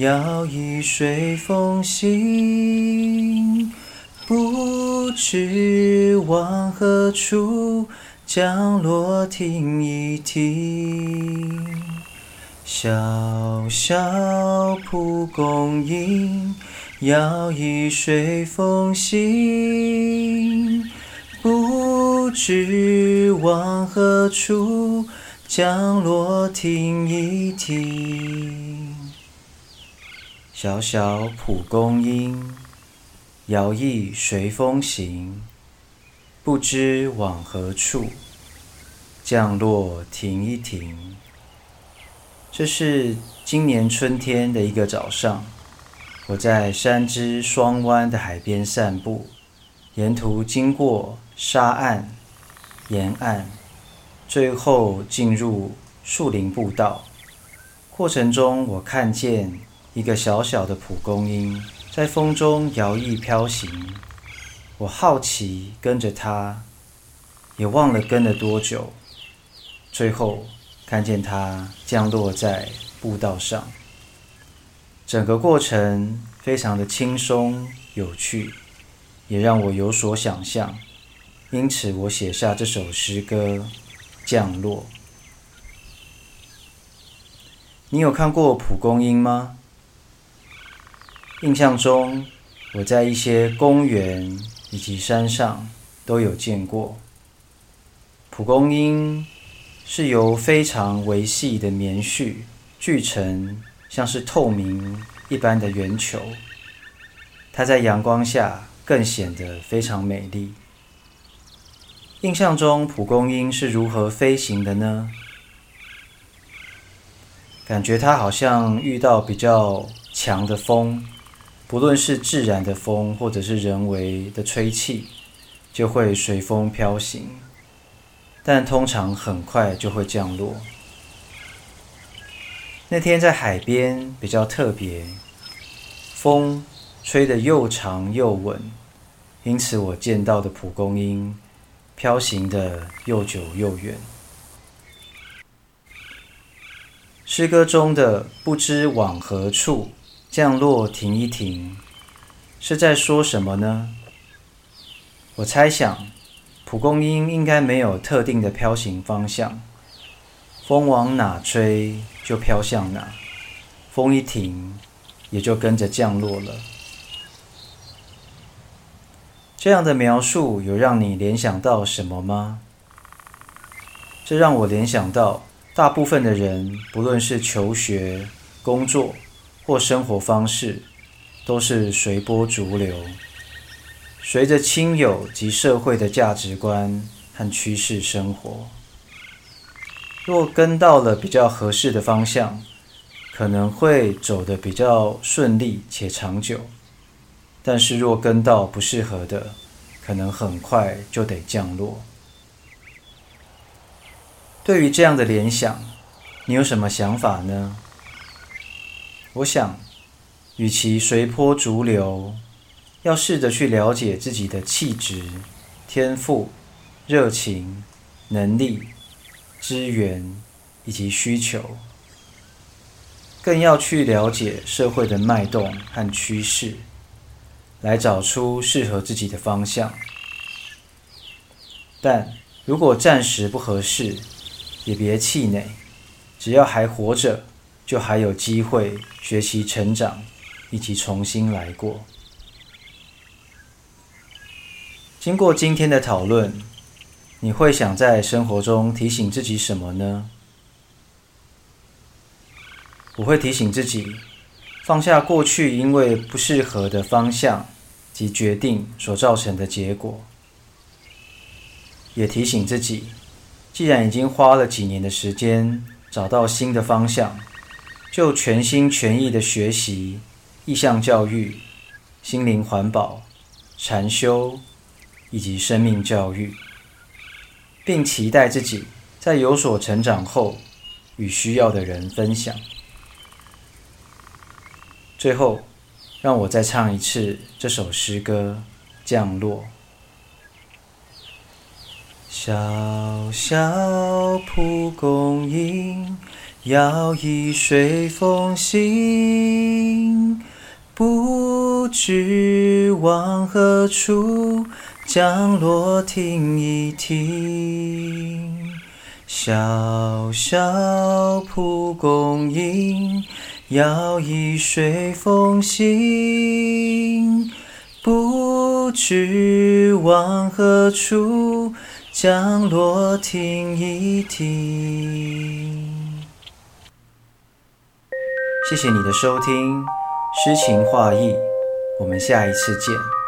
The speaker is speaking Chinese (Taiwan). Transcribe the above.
搖曳隨風行，不知往何處降落，停一停。 小小蒲公英，搖曳隨風行， 不知往何處降落，停一停。小小蒲公英，搖曳隨風行，不知往何處，降落停一停。這是今年春天的一個早上，我在山之雙灣的海邊散步，沿途經過沙岸、沿岸，最後進入樹林步道。過程中，我看見。一個小小的蒲公英在風中搖曳飄行，我好奇跟着它，也忘了跟了多久，最後看見它降落在步道上。整個過程非常的輕鬆有趣，也讓我有所想象，因此我寫下這首詩歌《降落》。你有看過蒲公英嗎？印象中，我在一些公園以及山上都有見過。蒲公英是由非常微細的棉絮聚成，像是透明一般的圓球。它在陽光下更顯得非常美麗。印象中，蒲公英是如何飛行的呢？感覺它好像遇到比較強的風。不論是自然的風，或者是人為的吹氣，就會隨風飄行，但通常很快就會降落。那天在海邊比較特別，風吹得又長又穩，因此我見到的蒲公英飄行得又久又遠。詩歌中的不知往何處。降落停一停，是在說什麼呢？我猜想，蒲公英應該沒有特定的飄行方向，風往哪吹就飄向哪，風一停也就跟着降落了。這樣的描述有讓你聯想到什麼嗎？這讓我聯想到，大部分的人不論是求學、工作。或生活方式都是隨波逐流，隨着親友及社會的價值觀和趨勢生活。若跟到了比較合適的方向，可能會走得比較順利且長久；但是若跟到不適合的，可能很快就得降落。對於這樣的聯想，你有什麼想法呢？我想，與其隨波逐流，要試着去了解自己的氣質、天賦、熱情、能力、資源以及需求，更要去了解社會的脈動和趨勢，來找出適合自己的方向。但如果暫時不合適，也別氣餒，只要還活着。就還有機會學習成長，以及重新來過。經過今天的討論，你會想在生活中提醒自己什麼呢？我會提醒自己放下過去因為不適合的方向及決定所造成的結果，也提醒自己，既然已經花了幾年的時間找到新的方向。就全心全意的學習意向教育、心靈環保、禪修以及生命教育，並期待自己在有所成長後，與需要的人分享。最後，讓我再唱一次這首詩歌《降落》。小小蒲公英，搖曳隨風行，不知往何處，降落停停，停一停。小小蒲公英，搖曳隨風行， 不知往何處，降落停停，停一停。謝謝你的收聽，詩情話意，我們下一次見。